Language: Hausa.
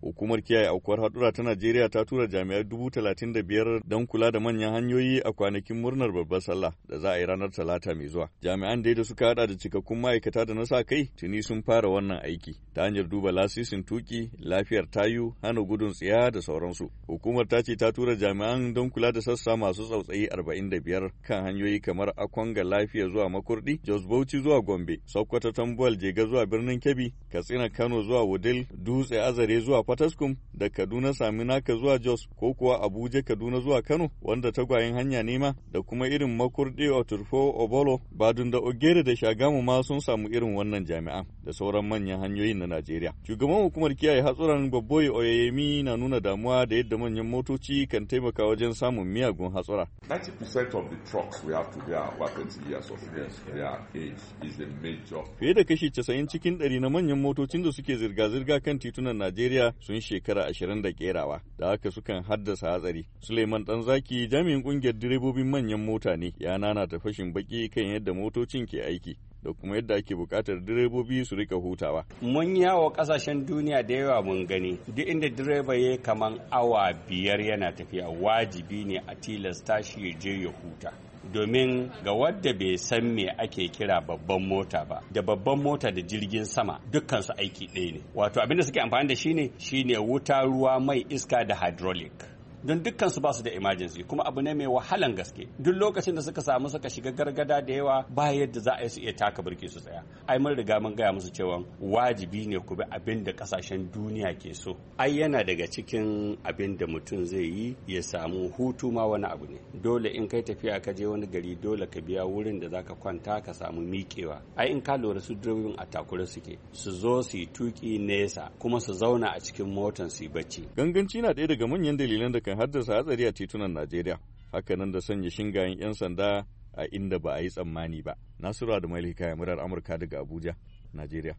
Hukumar kiyaye aukuwar haɗura ta Najeriya ta tura jami'ai dubu talatin da biyar don kula da manyan hanyoyi a kwanakin murnar babbar sallah da za a yi ranar talata mai zuwa. Jami'an da da suka hada da cikakkun ma'aikata da na sa kai tuni sun fara wannan aiki ta hanyar duba lasisin tuki, lafiyar tayu, hana gudun tsiya da sauransu. Hukumar ta ce ta tura jami'an don kula da sassa masu tsautsayi arba'in da biyar kan hanyoyi kamar Akwanga lafiya zuwa Makurdi, Jos Bauchi zuwa Gombe, Sokoto Tambuwal Jega zuwa birnin Kebbi, Katsina Kano zuwa Wudil, Dutse Azare zuwa Fataskum da Kaduna Saminaka zuwa Jos ko kuwa Abuja Kaduna zuwa Kano wanda tagwayen hanya nema da kuma irin Makurdi turfo Obolo Badun da Ogere da Shagamu ma sun samu irin wannan jami'a da sauran manyan hanyoyin na Najeriya. Shugaban hukumar kiyaye hatsuran gbaboyi Oyeyemi na nuna damuwa da yadda manyan motoci kan taimaka wajen samun miyagun hatsura. 90% of the trucks we have today are years of age is a major. Fiye da kashi 90 cikin 100 na manyan motocin da suke zirga-zirga kan titunan Najeriya sun shekara ashirin da kerawa da haka sukan haddasa hatsari suleiman ɗanzaki jami'in ƙungiyar direbobin manyan mota ne ya nana ta fashin baki kan yadda motocin ke aiki da kuma yadda ake bukatar direbobi su rika hutawa. Mun yawo ƙasashen duniya da yawa mun gani duk inda direba ya kaman awa biyar yana tafiya wajibi ne a tilasta shi ya je ya huta. domin ga wadda bai san me ake kira babban mota ba da babban mota da jirgin sama dukkan su aiki ɗaya ne wato abinda suke amfani da shi ne shine wuta ruwa mai iska da hydraulic don dukkan su ba su da emergency kuma abu ne mai wahalan gaske duk lokacin da suka samu suka shiga gargada da yawa ba yadda za a yi su iya taka birki su tsaya ai mun riga mun gaya musu cewa wajibi ne ku bi abin da kasashen duniya ke so ai yana daga cikin abin da mutum zai yi ya samu hutu ma wani abu ne dole in kai tafiya ka je wani gari dole ka biya wurin da zaka kwanta ka samu miƙewa ai in ka lura su direbobin a takure suke su zo su yi tuki nesa kuma su zauna a cikin motan su yi bacci ganganci na ɗaya daga manyan dalilan da kan haddasa hatsari a titunan Najeriya, hakanan da sanya shingayen 'yan sanda a inda ba a yi tsammani ba. Nasiru da Malika murar Amurka daga Abuja, Najeriya.